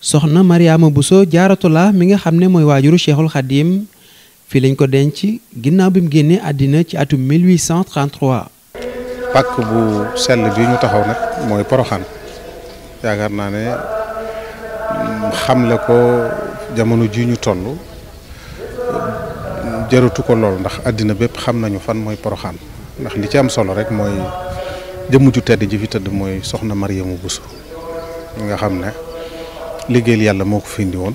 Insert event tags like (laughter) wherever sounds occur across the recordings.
soxna Mariama Bousso Jaaratullah mi nga xam ne mooy waajuru Cheikhul Khadim fii lañ ko denc ginnaaw bi mu génnee àddina ci atum 1833. pàkk bu sell bi ñu taxoo nag mooy poroxaan yaakaar naa ne mm, xamle ko jamono ji ñu toll jaratu ko lool ndax àddina bépp xam nañu fan mooy poroxaan ndax li ci am solo rek mooy jëmm ju tedd ji fi tëdd mooy soxna Mariama mu nga xam ne. liggéeyal yàlla moo ko fi indi mu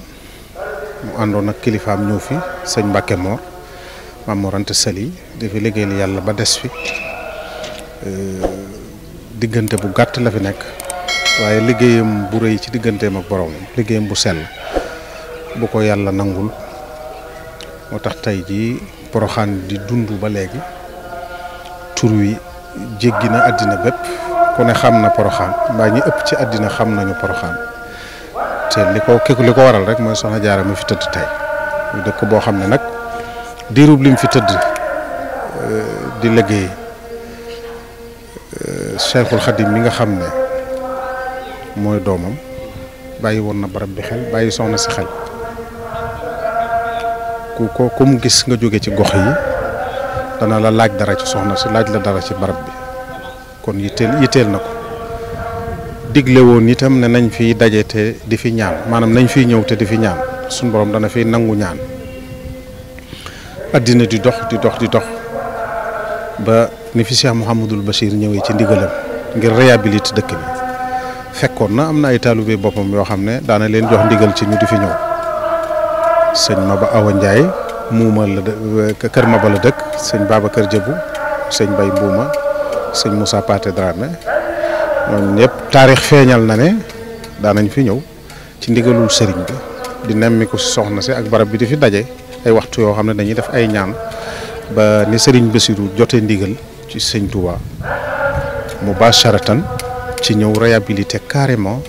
àndoon ak kilifaam ñëw fi sëñ Mbacke Mor maam Mor Anta Sali dafa liggéeyal yàlla ba des fi euh, diggante bu gàtt la fi nekk waaye liggéeyam bu rëy ci digganteem ak borom liggéeyam bu sell bu ko yàlla nangul moo tax tey jii poroxaan di dund ba léegi tur wi jéggi na àddina bépp ku ne xam na poroxaan mbaa ñi ëpp ci àddina xam nañu poroxaan te li ko kéku li ko waral rek mooy soxna jaara mu fi tëdd tey mu dëkk boo xam ne nag diirub lim fi tëdd euh, di liggéey euh, Cheikhul Khadim mi nga xam ne mooy doomam bàyyi woon na barab bi xel bàyyi soxna si xel ku ko ku mu gis nga jóge ci gox yi dana la laaj dara ci soxna si laaj la dara ci barab bi kon yitteel yitteel na ko digle woon itam ne nañ fi daje te di fi ñaan maanaam nañ fiy ñëw te di fi ñaan suñu borom dana fiy nangu ñaan addina di dox di dox di dox ba ni fi Cheikh Mouhamadul Bachir ñëwee ci ndigalam ngir réhabiliter dëkk bi fekkoon na am na ay taalibe boppam yoo xam ne daana leen jox ndigal ci ñu di fi ñëw sëñ Maba Awa njaay muuma la kër Maba la dëkk sëñ Babacar Diabou sëñ Bay Mbuuma sëñ Moussa Paté Dramé ñoom ñëpp taarix feeñal na ne daanañ fi ñëw ci ndigalul sëriñ bi di nemmiku si soxna si ak barab bi di fi daje ay waxtu yoo xam ne dañuy def ay ñaan ba ni sëriñ Bassirou jote ndigal ci sëñ Touba mu basharatan ci ñëw réhabilité carrément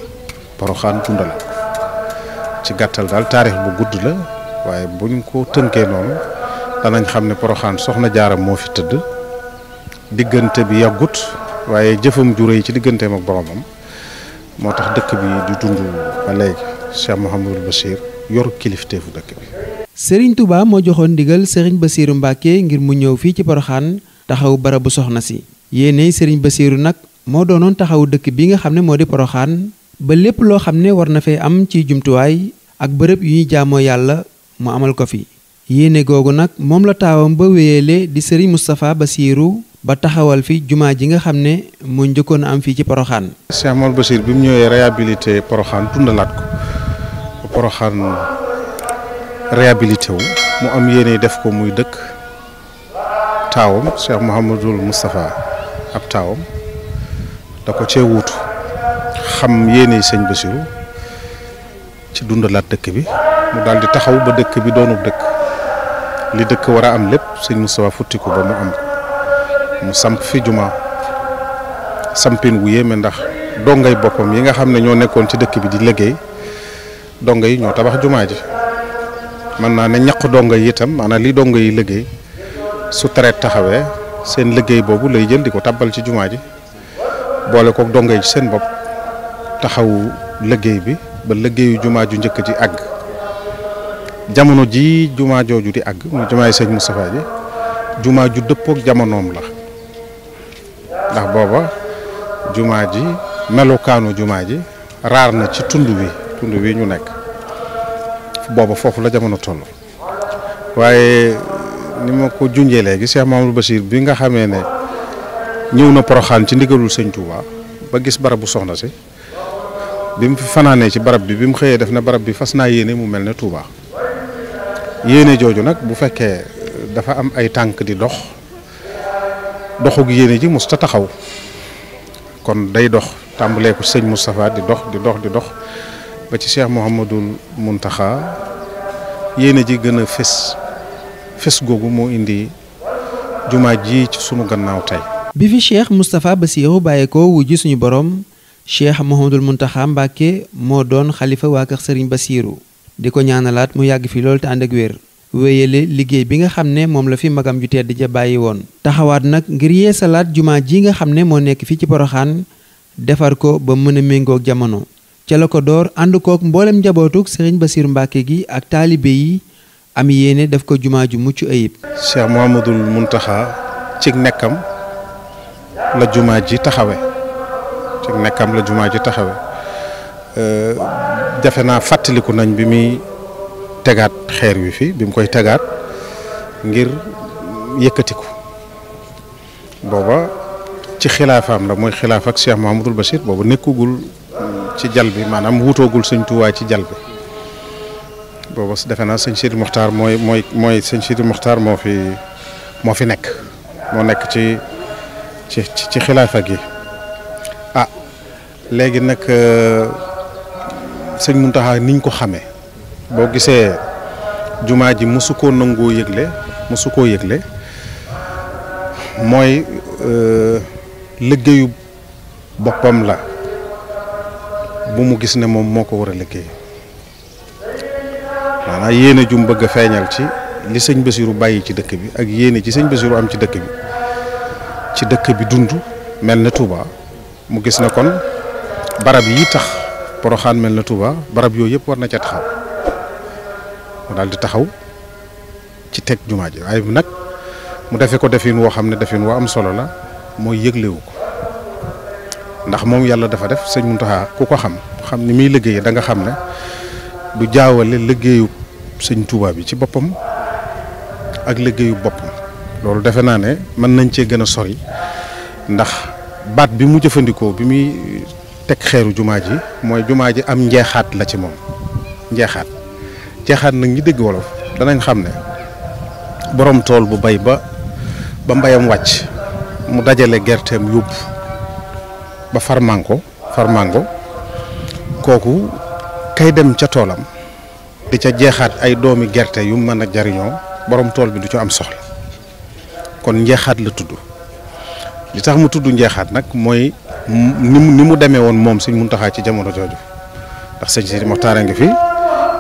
Porokhane dundal ci gàttal daal taarix bu gudd la waaye buñ ko tënkee noonu danañ xam ne Porokhane soxna jaaram moo fi tëdd diggante bi yàggut waaye jëfam ju ci digganteem ak boromam moo tax dëkk bi du dund ba léegi Cheikh Mouhamadul Bachir yor kilifteefu dëkk bi. Serigne Touba moo joxoon ndigal Serigne Bassirou Mbacke ngir mu ñëw fii ci Porokhane taxaw barabu soxna si yéene Serigne basiiru nag moo doonoon taxawu dëkk bi nga xam ne moo di Porokhane ba lépp loo xam ne war na fee am ci jumtuwaay ak bërëb yu ñuy jaamoo yàlla mu amal ko fi. yéene googu nag moom la taawam ba wéyale di Serigne Moustapha Bassirou ba taxawal fi jumaa ji nga xam ne mu njëkkoon a am fii ci Poroxaan. Cheikh Mor Bachir bi mu ñëwee réhabilité Poroxaan dundalaat ko Poroxaan réhabilité wu mu am def ko muy dëkk taawam Cheikh Mouhamadul Moustapha ab taawam da ko cee wutu xam yéene sëñ Bachirou ci dundalaat dëkk bi mu daal di taxaw ba dëkk bi doonu dëkk li dëkk war a am lépp sëñ Moustapha futti ko ba mu am mu samp fi juma sampin wu yéeme ndax yi boppam yi nga xam ne ñoo nekkoon ci dëkk bi di liggéey donga yi ñoo tabax jumaa ji mën naa ne ñaq donga yi itam maanaam li donga yi liggéey su traite taxawee seen liggéey boobu lay jël di ko tàbbal ci jumaa ji boole kook donga yi ci seen bopp taxawu liggéey bi ba liggéeyu jumaa ju njëkk ji àgg jamono ji jumaa jooju di àgg mu jumaa yi sëñ Moustapha ji jumaa ju dëppook jamonoom la booba jumaa ji melukaanu jumaa ji raar na ci tund wi tund wi ñu nekk booba foofu la jamono toll waaye ni ma ko junjee léegi Cheikh Mamadou bi nga xamee ne ñëw na Poroxaan ci ndigalul sëñ Touba ba gis barabu soxna si bi mu fi fanaanee ci barab bi bi mu xëyee def na barab bi fas naa yéene mu mel ne Touba yéene jooju nag bu fekkee dafa am ay tànk di dox doxug yéene ji musta taxaw kon day dox tàmbalee ko sëñ Moustapha di dox di dox di dox ba ci Cheikh Mouhamadul Mountakha yéene ji gën a fés fés googu moo indi jumaa ji ci sunu gannaaw tey. bi fi Cheikh Moustapha Bassirou bàyyeekoo wu ji suñu borom Cheikh Mouhamadul Mountakha Mbacke moo doon xalifa waa kër Serigne Bassirou di ko ñaanalaat mu yàgg fi loolu te ànd ak wér. wéyale liggéey bi nga xam ne moom la fi magam ju tedd ja bàyyi woon taxawaat nag ngir yeesalaat jumaa ji nga xam ne moo nekk fii ci poroxaan defar ko ba mën a méngoog jamono ca la ko door ànd kook mboolem njabootug sëriñ Basiiru Mbàkke gi ak taalibe yi am yéene def ko jumaa ju mucc ayib Cheikh Mouhamadoul Mountakha cig nekkam la jumaa ji taxawe cig nekkam la jumaa ji taxawe euh, defe naa fàttaliku nañ bi muy tegaat xeer wi fii bi mu koy tegaat ngir yëkkatiku booba ci xilaafaam la mooy xilaaf ak Cheikh Mahamadul Bachir boobu nekkugul ci jal bi maanaam wutoogul sëñ Tuubaa ci jal bi booba defe naa sëñ Sidi Mokhtar sëñ Sidi Mokhtar moo fi moo fi nekk moo nekk ci ci ci xilaafa gi a ah, léegi nag euh, sëñ Muntaxa niñ ko xamee boo gisee jumaa ji mosu koo nangoo yëgle mosu koo yëgle mooy euh, liggéeyu boppam la bu mu gis ne moom moo ko war a liggéey maanaam yéene jum bëgg feeñal ci li sëñ Basiru bàyyi ci dëkk bi ak yéene ci sëñ Basiru am ci dëkk bi ci dëkk bi dund mel na Touba mu gis na kon barab yi tax Poroxaan mel na Touba barab yooyu yëpp war na ca taxaw mu daal di taxaw ci teg jumaa ji waaye nag mu defe ko defin woo xam ne defin woo am solo la mooy yëglewu ko ndax moom yàlla dafa def sëñ Muntaxa ku ko xam xam ni muy liggéey danga nga xam ne du jaawale liggéeyu sëñ Tuubaa bi ci boppam ak liggéeyu boppam loolu defe naa ne mën nañ cee gën a sori ndax baat bi mu jëfandikoo bi muy teg xeeru jumaa ji mooy jumaa ji am njeexaat la ci moom njeexaat jeexaat nag ñi dégg wolof danañ xam ne boroom tool bu bay ba ba mbayam wàcc mu dajale gerteem yóbbu ba farmanko farmango kooku kay dem ca toolam di ca jeexaat ay doomi gerte yu mën a jariñoo boroom tool bi du ci am soxla kon njeexaat la tudd li tax mu tudd njeexaat nag mooy ni mu ni mu demee woon moom mun Muntaxa ci jamono jooju ndax sëñ si Moxtaar ngi fi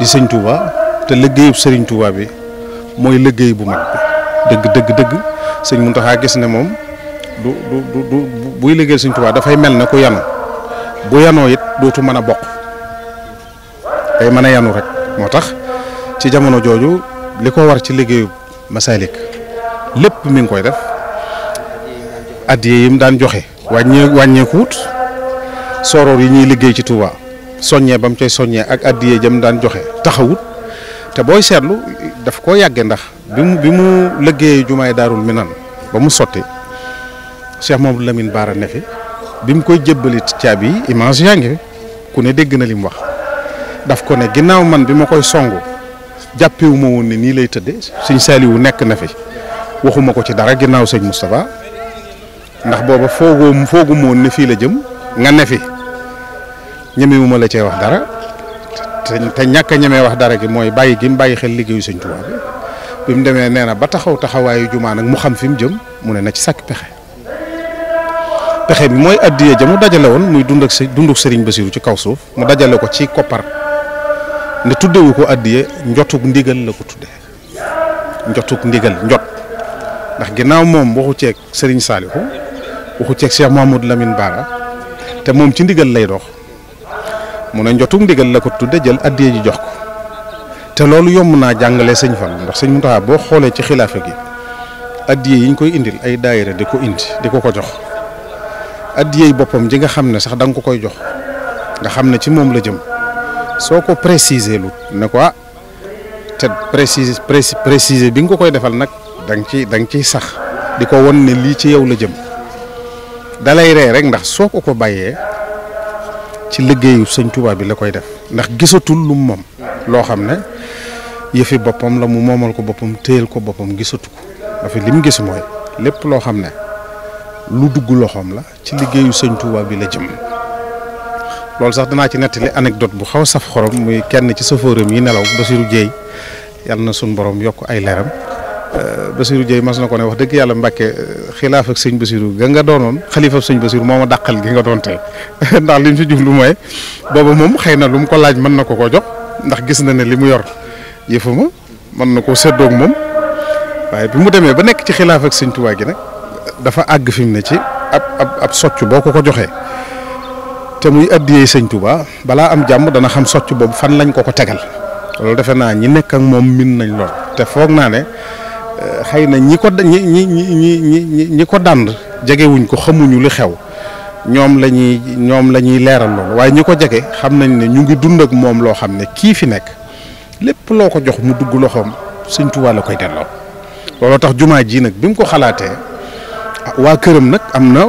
di sëñ Touba te liggéeyub sëriñ Touba bi mooy liggéey bu mag dëgg dëgg dëgg sëñ Mountakha gis ne moom du du du buy liggéey sëñ Touba dafay mel ne ku yanu bu yanoo it dootu mën a bokk day mën a yanu rek moo tax ci jamono jooju li ko war ci liggéeyub Masalik lépp mi ngi koy def addiya yi mu daan joxe wàññee wàññeeku wut yi ñuy liggéey ci Touba. soññee ba mu cay soññee ak addiyee jëm daan joxe taxawut te booy seetlu daf koo yàggee ndax bi mu bi mu lëggéeyee jumaay daarul minan ba mu sotti Cheikh Mamadou Lamine Baara ne bi mu koy jébbali caabi yi image yaa ngi ku ne dégg na li mu wax daf ko ne ginnaaw man bi ma koy songu jàppewuma woon ne nii lay tëdde siñ Saaliwu nekk na fi waxuma ko ci dara ginnaaw sëñ Moustapha ndax booba foogoo foogu ne fii la jëm nga nefi ñemewu ma la cee wax dara te ñàkk a ñemee wax dara gi mooy bàyyi gi bàyyi xel liggéeyu sëñ Tuubaa bi mu demee nee na ba taxaw taxawaayu jumaa nag mu xam fi mu jëm mu ne na ci sàkk pexe pexe bi mooy addiya ja mu dajale woon muy dund ak sa dunduk sëriñ Basiru ci kaw suuf mu dajale ko ci koppar ne tuddewu ko addiya njotug ndigal la ko tudde njotug ndigal njot ndax ginnaaw moom waxu ceeg sëriñ Saalihu waxu ceeg Cheikh Mahmoud lamin Bara te moom ci ndigal lay dox mu ne njotum ndigal la ko tudde jël addiye ji jox ko te loolu yomb naa jàngale sëñ Fallu ndax sëñ Muntaxa boo xoolee ci xilaafa gi addiye yi ñu koy indil ay daayira di ko indi di ko ko jox addiye yi boppam ji nga xam ne sax danga ko koy jox nga xam ne ci moom la jëm soo ko préciser lu ne ko ah te préciser préciser bi nga ko koy defal nag da ci ciy da ciy sax di ko won ne lii ci yow la jëm dalay ree rek ndax soo ko ko bàyyee ci liggéeyu sëñ Tuubaa bi la koy def ndax gisatul lu moom loo xam ne yëfi boppam la mu moomal ko boppam téyel ko boppam gisatu ko dafa li mu gis mooy lépp loo xam ne lu dugg loxoom la ci liggéeyu sëñ Tuubaa bi la jëm loolu sax danaa ci nettali anecdote bu xaw saf xorom muy kenn ci safóoram yi nelaw Basiru Jéey yàlla na suñ borom yokk ay leeram Euh, Basiru Jeey mas na ko ne wax dëgg yàlla Mbàkke euh, xilaaf ak sëñ Basiru ga nga doonoon xalifa sëñ Basiru moo ma dàqal gi nga doon tey (laughs) ndax li mu si jublu mooy booba moom xëy na lu mu ko laaj mën na ko koo jox ndax gis na ne li mu yor yëfuma mën na koo séddoog moom waaye bi mu demee ba nekk ci xilaaf ak gi nag dafa àgg fi mu ne ci ab ab ab boo ko ko joxee te muy addiyee sëñ Tuubaa balaa am jàmm dana xam socc boobu fan lañ ko ko tegal loolu defe naa ñi nekk ak moom min nañ lool te foog naa ne xëy na ñi ko ñi ñi ñi ñi ñi ko dànd jegewuñ ko xamuñu li xew ñoom lañuy ñoom la ñuy leeral loolu waaye ñi ko jege xam nañ ne ñu ngi dund ak moom loo xam ne kii fi nekk lépp loo ko jox mu dugg loxoom Sëñ Tuubaa la koy delloo looloo tax jumaa ji nag bi mu ko xalaatee waa këram nag am na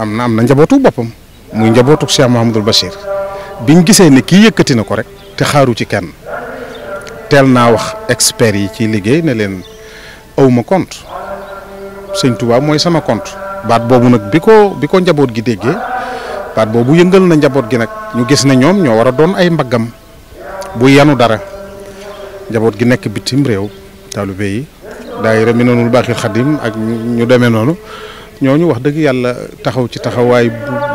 am na am na njabootu boppam muy njabootu Cheikh Mouhamadul bi ñu gisee ne kii yëkkati na ko rek te xaaru ci kenn teel naa wax experts yi ci liggéey ne leen. awma compte sëñ tubaab mooy sama compte baat boobu nag bi ko bi ko njaboot gi déggee baat boobu yëngal na njaboot gi nag ñu gis ne ñoom ñoo war a doon ay mbaggam bu yanu dara njaboot gi nekk bitim réew taalibe yi daayira mi noonul baaxil xadim ak ñu demee noonu ñoo ñu wax dëgg yàlla taxaw ci taxawaay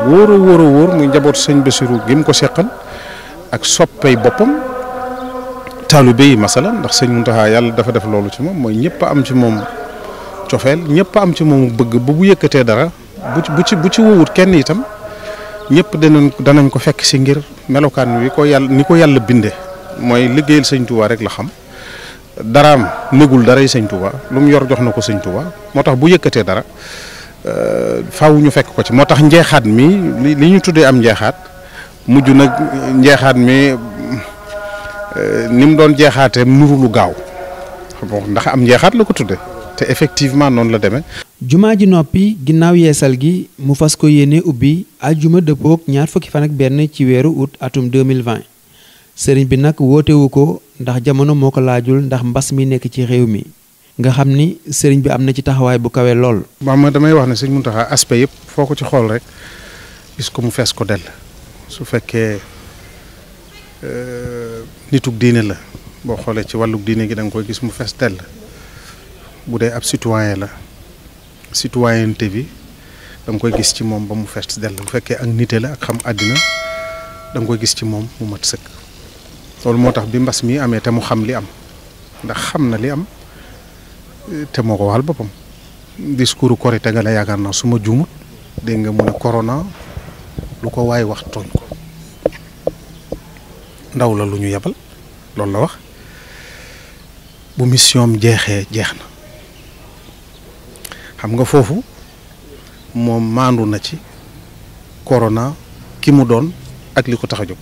bu wóor a wóor a njaboot sëñ Bassirou gi mu ko seqal ak soppay boppam. taalibe yi masalan ndax sëñ Muntaxa yàlla dafa def loolu ci moom mooy ñëpp am ci moom cofeel ñëpp am ci moom bëgg bu bu yëkkatee dara bu ci bu ci bu ci wowut kenn itam ñëpp danañ danañ ko fekk si ngir melokaan wi ko yàlla ni ko yàlla bindee mooy liggéeyal sëñ Tuubaa rek la xam daraam négul daray sëñ Tuubaa lu mu yor jox na ko sëñ Tuubaa moo tax bu yëkkatee dara euh, faaw ñu fekk ko ci moo tax njeexaat mi li ñu tuddee am njeexaat mujj nag njeexaat mi. Euh, ni mu doon jeexaatee nuru lu gaaw bon ndax am njeexaat la ko tudde te effectivement noonu la demee. jumaa ji noppi ginnaaw yeesal gi mu fas ko yéene ubbi àjjuma dëppoog ñaar fukki fan ak benn ci weeru août atum 2020 sëriñ bi nag wootewu ko ndax jamono moo ko laajul ndax mbas mi nekk ci réew mi nga xam ni sëriñ bi am na ci taxawaay bu kawee lool. maam damay wax ne sëñ Mountakha aspect yëpp foo ko ci xool rek gis ko mu fees ko dell su fekkee. Euh, nitug diine la boo xoolee ci wàllug diine gi danga nga koy gis mu fees dell bu dee ab citoyen la citoyenneté bi da koy gis ci moom ba mu fees dell bu fekkee ak nite la ak xam àddina danga nga koy gis ci moom mu mat sëkk loolu moo tax bi mbas mi amee te mu xam li am ndax xam na li am te moo ko waal boppam discours korite ga la yaakaar naa su ma juumut dégg nga mu ne corona lu ko waay wax tooñ ndaw la lu ñu yebal loolu la wax bu mission jeexee jeex na xam nga foofu moom maandu na ci corona ki mu doon ak li ko tax a jóg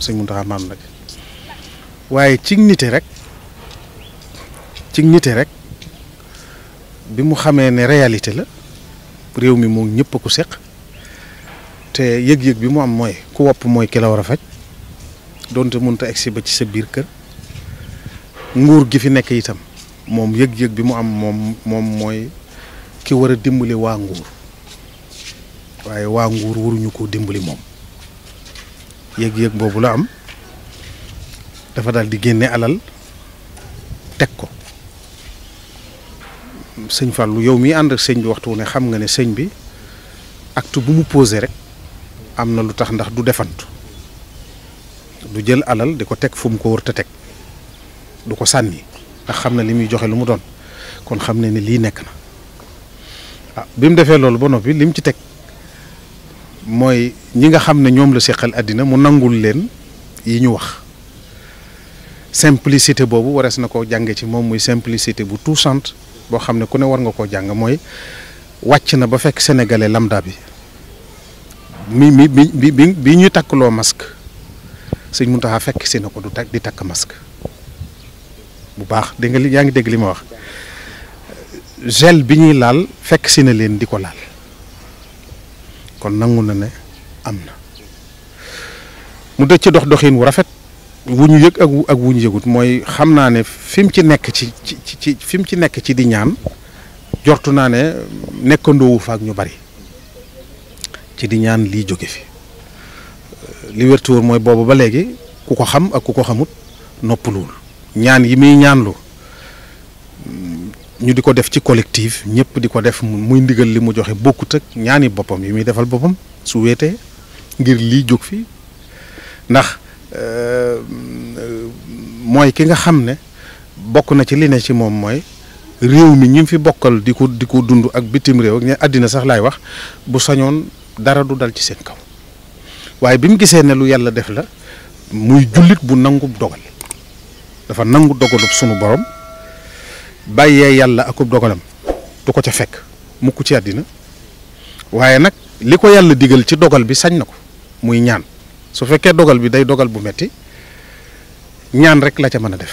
sëñ Muntaxa maandu na ci waaye ci nite rek ci nite rek bi mu xamee ne réalité la réew mi moom ñëpp a ko séq te yëg-yëg bi mu am mooy ku wopp mooy ki la war a faj donte mënta egsi ba ci sa biir kër nguur gi fi nekk itam moom yëg-yëg bi mu am moom mooy ki war a dimbali waa nguur waaye waa nguur waruñu ko dimbali moom yëg-yëg boobu la am dafa daal di génne alal teg ko sëñ Fallou yow mi ànd ak sëñ bi waxtu ne xam nga ne sëñ bi acte bu mu posé rek am na lu tax ndax du defantu du jël alal di ko teg fu mu ko wërta teg du ko sànni ndax xam na li muy joxe lu mu doon kon xam ne ni lii nekk na ah bi mu defee loolu ba noppi li ci teg mooy ñi nga xam ne ñoom la seqal àddina mu nangul leen yi ñu wax simplicité boobu warees na koo jànge ci moom muy simplicité bu cent boo xam ne ku ne war nga koo jàng mooy wàcc na ba fekk sénégalais lambda bi mi mi bi bi bi ñu takkloo mask sëñ Mountakha fekk si na ko du takk di takk masque bu baax dégg nga li yaa ngi dégg li ma wax gel bi ñuy laal fekk si na leen di ko laal kon nangu na ne am na mu ci dox doxiin wu rafet wu ñu yëg ak wu ak wu ñu yëgut mooy xam naa ne fi mu ci nekk ci ci ci fi ci nekk ci di ñaan jortu naa ne nekkandoowu faak ñu bari ci di ñaan lii jóge fi li wér mooy boobu ba léegi ku ko xam ak ku ko xamut noppaluwul ñaan yi muy ñaanlu mm, ñu di ko def ci collectif ñëpp di ko def muy ndigal li mu joxe bokkut ak ñaani boppam yi muy defal boppam su weetee ngir lii jóg fi ndax euh, mm, mooy ki nga xam ne bokk na ci li ne ci moom mooy réew mi ñu fi bokkal di ko di ko dund ak bitim réew ak ña àddina sax laay wax bu sañoon dara du dal ci seen kaw. waaye bi mu gisee ne lu yàlla def la muy jullit bu nangu dogal dafa nangu dogalub sunu borom bàyyee yàlla akub dogalam du ko ca fekk mukk ci àddina waaye nag li ko yàlla digal ci dogal bi sañ na ko muy ñaan su fekkee dogal bi day dogal bu metti ñaan rek la ca mën a def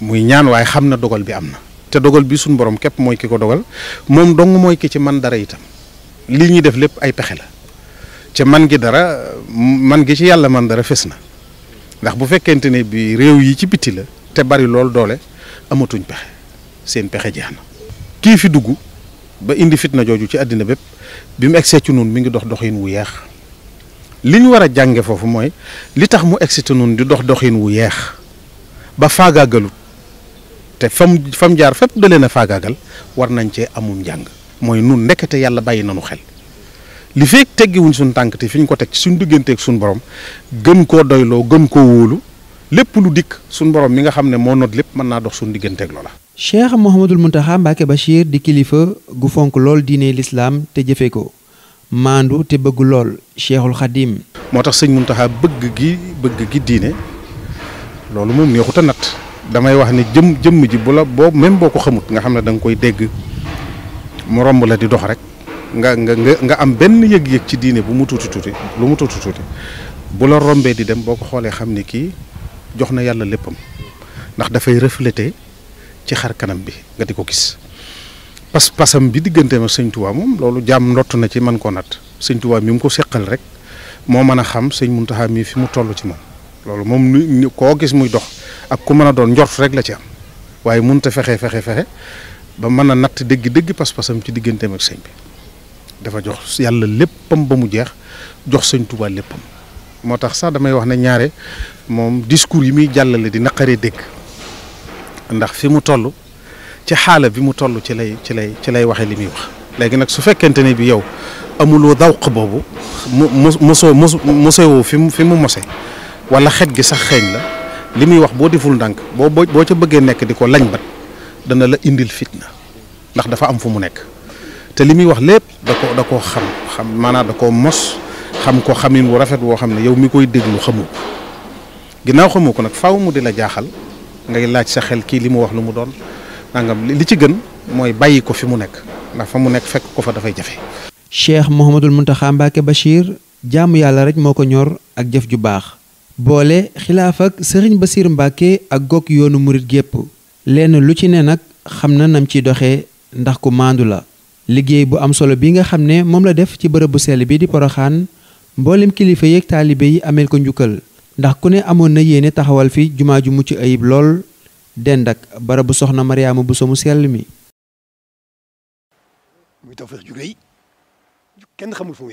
muy ñaan waaye xam na dogal bi am na te dogal bi suñu borom képp mooy ki ko dogal moom dong mooy ki ci man dara itam lii ñuy def lépp ay pexe la ca man gi dara man gi ci yàlla man dara fes na ndax bu fekkente ne bii réew yi ci biti la te bari lool doole amatuñ pexe seen pexe jeex na kii fi dugg ba indi fitna jooju ci àddina bépp bi mu egsee ci noonu mi ngi dox doxin wu yeex li ñu war a jànge foofu mooy li tax mu egsi ci noonu di dox doxin wu yeex ba faagaagalut te fam fam jaar fépp da leen a faagaagal war nañ cee amum njàng mooy nun ndekete yàlla bàyyi nanu xel li fekk teggiwuñ suñ tànk te fi ñu ko teg suñ digganteeg suñ borom gën koo doyloo gën koo wóolu lépp lu dikk suñ borom mi nga xam ne moo noot lépp mën naa dox suñ digganteeg loola. Cheikh Mouhamadul Mountakha Mbacké Bachir di kilifa gu fonk lool diine lislaam te jëfe ko maandu te bëgg lool Cheikhul Khadim. moo tax sëñ Mountakha bëgg gi bëgg gi diine loolu moom neexut a nat damay wax ne jëm jëmm ji bu la boo même boo ko xamut nga xam ne danga koy dégg mu romb la di dox rek. nga nga nga am benn yëg-yëg ci diine bu mu tuuti tuuti lu mu tuuti tuuti bu la rombee di dem boo ko xoolee xam ni kii jox na yàlla léppam ndax dafay refléter ci xar kanam bi nga di ko gis pas pasam bi digganteem ak sëñ Tuubaa loolu jàmm ndott na ci man koo nat sëñ Tuubaa mi ko seqal rek moo mën a xam sëñ Muntaxa mii fi mu toll ci moom loolu moom ni koo gis muy dox ak ku mën a doon njort rek la ci am waaye mënut a fexe fexe fexe ba mën a natt dégg dégg pas-pasam ci digganteem ak sëñ bi dafa jox yàlla léppam ba mu jeex jox sëñ Tuubaa léppam moo tax sax damay wax ne ñaare moom discours yi muy jàllale di naqaree dégg ndax fi mu toll ci xaala bi mu toll ci lay ci lay ci lay waxee li muy wax léegi nag su fekkente ne bi yow amuloo dawq boobu mu mosoo mosewoo fi mu fi mu mose wala xet gi sax xeeñ la li muy wax boo deful ndànk boo boo ca bëggee nekk di ko lañ bat dana la indil fitna ndax dafa am fu mu nekk te li muy wax lépp da ko koo xam xam maanaa da koo mos xam ko xamin wu rafet woo xam ne yow mi koy déglu xamu ko ginnaaw xamu ko nag faaw mu di la jaaxal ngay laaj sa xel kii li mu wax lu mu doon nangam li ci gën mooy bàyyi ko fi mu nekk ndax fa mu nekk fekk ko fa dafay jafe. Cheikh Mouhamadul Mountakha Mbacké Bachir jàmm yàlla rek moo ko ñor ak jëf ju baax. boole xilaaf ak sëriñ Basiir Mbàkke ak gog yoonu murit gépp lenn lu ci ne nag xam na nam ci doxee ndax ku la liggéey bu am solo bi nga xam ne moom la def ci bërëb bu sell bi di poroxaan mboolem kilifa yeeg taalibe yi ameel ko njukkal ndax ku ne amoon na yéene taxawal fi jumaa ju mucc ayib lool dend ak bërëb bu soxna Mariama bu mu sell mi. muy tawfeex kenn xamul fu mu